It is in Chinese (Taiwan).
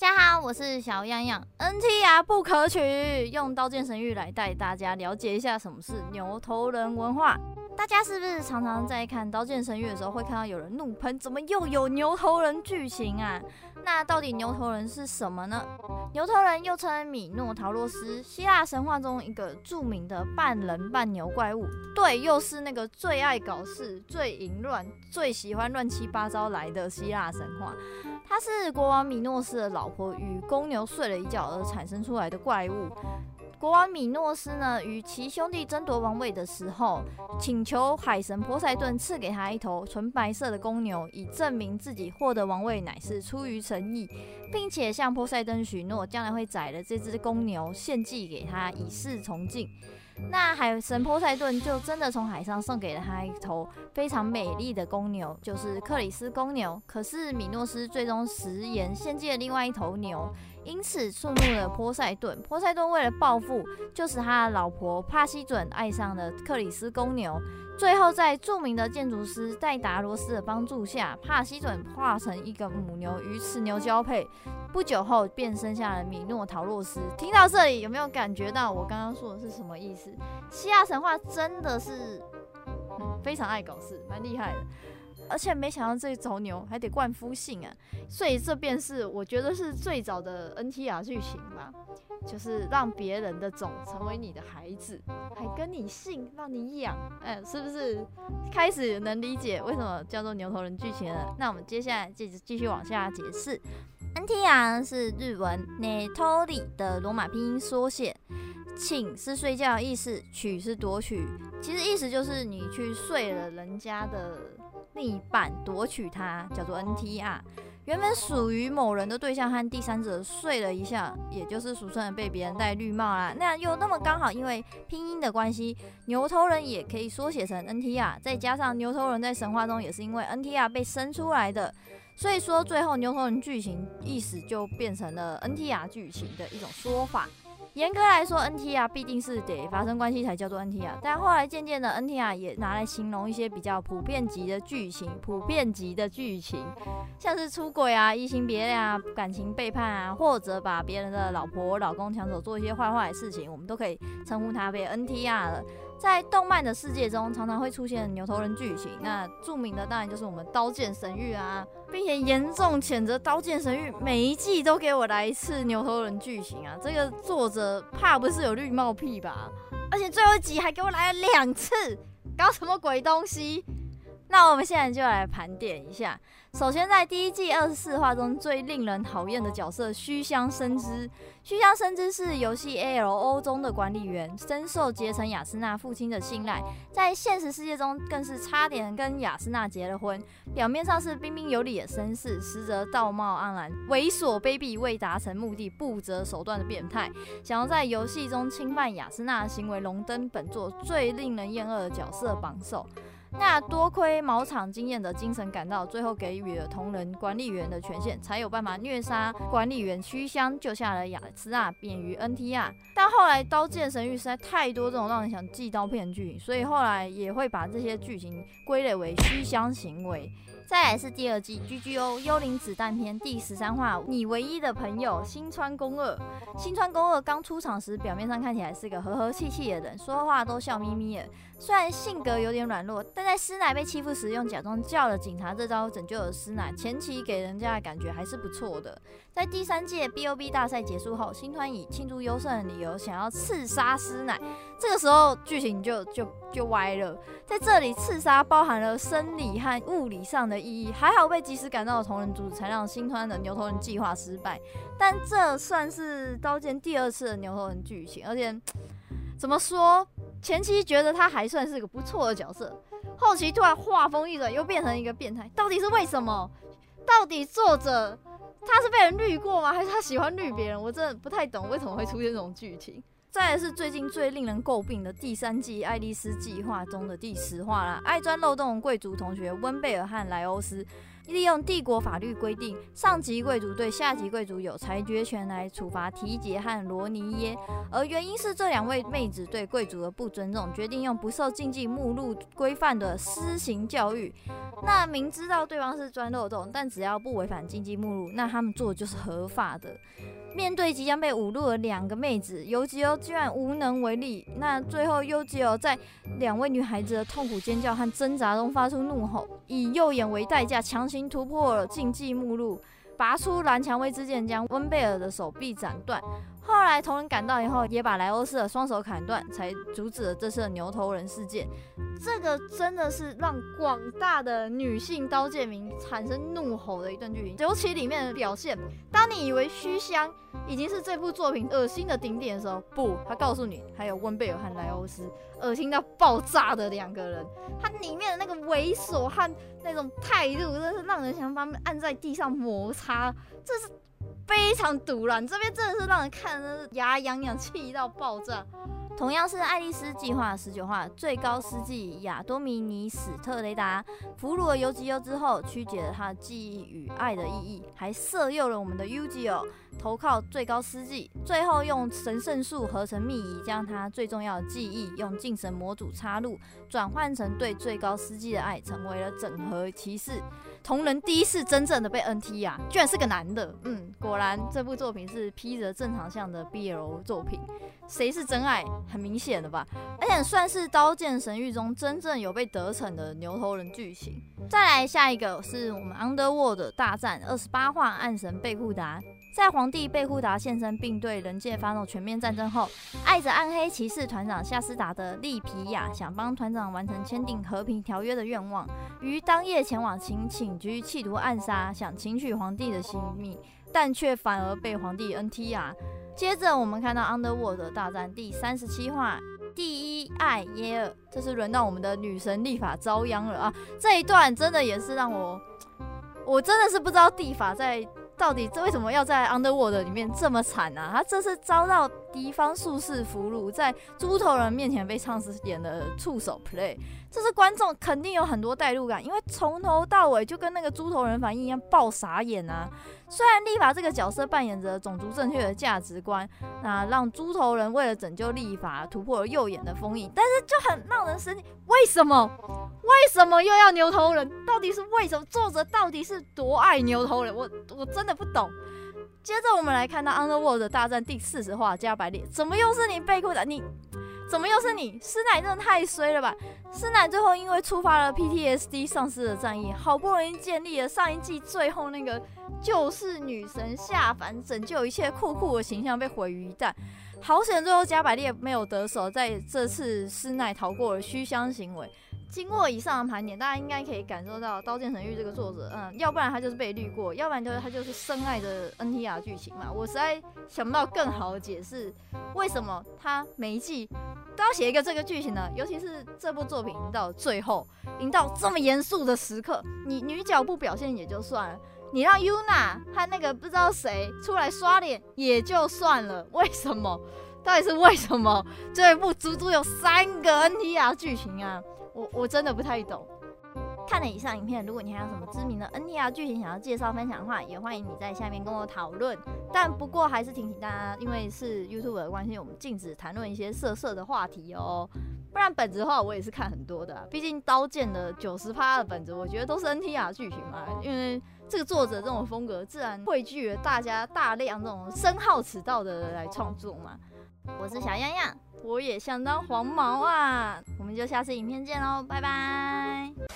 大家好，我是小漾樣。NTR 不可取，用《刀劍神域》來帶大家了解一下什麼是牛頭人文化。大家是不是常常在看《刀劍神域》的時候，會看到有人怒噴，怎麼又有牛頭人劇情啊？那到底牛頭人是什麼呢？牛頭人又稱米諾陶洛斯，希臘神話中一個著名的半人半牛怪物。對，又是那個最愛搞事、最淫亂、最喜歡亂七八糟來的希臘神話。他是國王米諾斯的老婆與公牛睡了一覺而產生出來的怪物。國王米諾斯呢，與其兄弟爭奪王位的時候，請求海神波塞頓賜給他一頭純白色的公牛，以證明自己獲得王位乃是出於誠意，並且向波塞頓許諾，將來會宰了這隻公牛獻祭給他，以示崇敬。那海神波塞頓就真的從海上送給了他一頭非常美麗的公牛，就是克里斯公牛。可是米諾斯最終食言，獻祭了另外一頭牛，因此觸怒了波塞頓。波塞頓為了報復，就使、是、他的老婆帕西准愛上了克里斯公牛。最後，在著名的建築師戴達羅斯的幫助下，帕西准化成一個母牛與雌牛交配，不久後便生下了米諾陶洛斯。聽到這裡，有沒有感覺到我剛剛說的是什麼意思？希臘神話真的是非常愛搞事，蠻厲害的。而且沒想到這一頭牛還得冠夫姓啊，所以這便是我覺得是最早的 N T R 劇情吧，就是讓別人的種成為你的孩子，還跟你姓，讓你養，哎，是不是？開始能理解為什麼叫做牛頭人劇情了？那我們接下來繼續繼續往下解釋，N T R 是日文 Natoli 的羅馬拼音縮寫。寢是睡覺的意思，取是奪取，其實意思就是你去睡了人家的另一半，奪取他叫做 N T R，原本屬於某人的對象和第三者睡了一下，也就是俗稱的被別人戴綠帽啦。那又那麼剛好，因為拼音的關係，牛頭人也可以縮寫成 N T R，再加上牛頭人在神話中也是因為 N T R 被生出來的，所以說最後牛頭人劇情意思就變成了 N T R 劇情的一種說法。嚴格來說，N T R 必定是得發生關係才叫做 N T R，但後來漸漸的，N T R 也拿來形容一些比較普遍級的劇情，普遍級的劇情，像是出軌啊、移情別戀啊、感情背叛啊，或者把別人的老婆、老公搶走，做一些壞壞的事情，我們都可以稱呼他為 N T R 了。在動漫的世界中，常常會出現牛頭人劇情。那著名的當然就是我們《刀劍神域》啊，並且嚴重譴責《刀劍神域》每一季都給我來一次牛頭人劇情啊！這個作者怕不是有綠帽癖吧？而且最後一集還給我來了兩次，搞什麼鬼東西？那我們現在就來盤點一下。首先，在第一季二十四話中最令人討厭的角色須鄉伸之。須鄉伸之是遊戲 ALO 中的管理員，深受結城亞絲娜父親的信賴，在現實世界中更是差點跟亞絲娜結了婚。表面上是彬彬有禮的紳士，實則道貌岸然、猥瑣卑鄙、為達成目的不擇手段的變態。想要在遊戲中侵犯亞絲娜的行為，榮登本作最令人厭惡的角色榜首。那多虧茅場晶彥的精神趕到，最後給予了桐人管理員的權限，才有辦法虐殺管理員須鄉，救下了亞絲娜，免於 NTR。但後來刀劍神域實在太多這種讓人想寄刀片的劇情，所以後來也會把這些劇情歸類為須鄉行為。再來是第二季 GGO 幽靈子彈篇第十三話，你唯一的朋友新川恭二。新川恭二剛出場時，表面上看起來是個和和氣氣的人，說話都笑眯眯的。雖然性格有點軟弱，但在詩乃被欺負時，用假裝叫了警察這招拯救了詩乃。前期給人家的感覺還是不錯的。在第三屆 B O B 大賽結束後，新川以慶祝優勝的理由想要刺殺詩乃，這個時候劇情就就就歪了。在這裡，刺殺包含了生理和物理上的意義，還好被及時趕到的桐人阻止才讓新川的牛頭人計劃失敗。但這算是刀劍第二次的牛頭人劇情，而且怎麼說，前期覺得他還算是個不錯的角色，後期突然畫風一轉，又變成一個變態，到底是為什麼？到底作者？他是被人綠過嗎？還是他喜歡綠別人？我真的不太懂為什麼會出現這種劇情。Oh. 再來是最近最令人詬病的第三季《愛麗絲計劃》中的第十話啦。Oh. 愛鑽漏洞貴族同學溫貝爾和萊歐斯。利用帝國法律規定，上級貴族對下級貴族有裁決權，來處罰提杰和羅尼耶，而原因是這兩位妹子對貴族的不尊重，決定用不受禁忌目錄規範的私刑教育。那明知道對方是鑽漏洞，但只要不違反禁忌目錄，那他們做的就是合法的。面對即將被侮辱的兩個妹子，尤吉歐居然無能為力。那最後尤吉歐在兩位女孩子的痛苦尖叫和掙扎中發出怒吼，以右眼為代價強行。突破了禁忌目錄，拔出藍薔薇之劍，將溫貝爾的手臂斬斷。後來桐人趕到以後，也把萊歐斯的雙手砍斷，才阻止了這次的牛頭人事件。這個真的是讓廣大的女性刀劍迷產生怒吼的一段劇情。尤其裡面的表現，當你以為須鄉已經是這部作品惡心的頂點的時候，不，他告訴你還有溫貝爾和萊歐斯，惡心到爆炸的兩個人。他裡面的那個猥瑣和那種態度，真的是讓人想把他們按在地上摩擦。這是。非常毒了，你這邊真的是讓人看的是牙癢癢，氣到爆炸。同樣是愛麗絲計劃十九話，最高司祭亞多米尼史特雷達俘虜了尤吉歐之後，曲解了他的記憶與愛的意義，還色誘了我們的尤吉歐投靠最高司祭，最後用神聖術合成秘儀，將他最重要的記憶用精神模組插入，轉換成對最高司祭的愛，成為了整合騎士。桐人第一次真正的被 NTR 啊，居然是個男的，嗯，果然這部作品是披着正常向的 BL 作品，誰是真愛，很明顯的吧，而且算是《刀劍神域》中真正有被得逞的牛頭人劇情。再來下一個是我們 Underworld 大戰二十八話暗神貝庫達。在皇帝貝庫達現身並對人界發動全面戰爭後，愛着暗黑騎士團長夏斯達的利皮亞想幫團長完成簽訂和平條約的願望，於當夜前往情寢居企圖暗殺，想請取皇帝的性命。但卻反而被皇帝 NTR 啊！接着我們看到 Underworld 大戰第三十七話第一艾耶爾，這是輪到我們的女神莉法遭殃了啊！這一段真的也是讓我，我真的是不知道莉法在。到底這為什麼要在 Underworld 裡面這麼慘呢、啊？他這是遭到。敵方術士俘虜在豬頭人面前被唱司演的觸手 play，這是觀眾肯定有很多代入感，因為從頭到尾就跟那個豬頭人反應一樣，爆傻眼啊！雖然立法這個角色扮演着種族正確的價值觀，那、啊、讓豬頭人為了拯救立法突破了右眼的封印，但是就很讓人生氣，為什麼？為什麼又要牛頭人？到底是為什麼？作者到底是多愛牛頭人？我我真的不懂。接着我們來看到《Underworld》大戰第四十話，加百列怎麼又是你？貝庫達，你怎麼又是你？師奶真的太衰了吧！師奶最後因為觸發了 PTSD，喪失的戰役，好不容易建立了上一季最後那個救世女神下凡拯救一切酷酷的形象被毀於一旦。好險，最後加百列沒有得手，在這次師奶逃過了虛香行為。經過以上的盤點，大家應該可以感受到《刀劍神域》這個作者，嗯，要不然他就是被綠過，要不然就是他就是深愛着 NTR 劇情嘛。我實在想不到更好的解釋，為什麼他每一季都要寫一個這個劇情呢？尤其是這部作品已經到了最後已經到這麼嚴肅的時刻，你女角不表現也就算了，你讓尤娜和那個不知道誰出來刷臉也就算了，為什麼？到底是為什麼這一部足足有三個 NTR 劇情啊？我我真的不太懂。看了以上影片，如果你還有什麼知名的 NTR 劇情想要介紹分享的話，也歡迎你在下面跟我討論。但不過還是提醒大家，因為是 YouTube 的關係，我們禁止談論一些色色的話題哦。不然本子的話，我也是看很多的啊，畢竟刀劍的九十趴的本子，我覺得都是 NTR 劇情嘛，因為這個作者這種風格，自然匯聚了大家大量這種深好此道的人來創作嘛。我是小漾樣，我也想當黃毛啊！我們就下次影片見嘍，拜拜。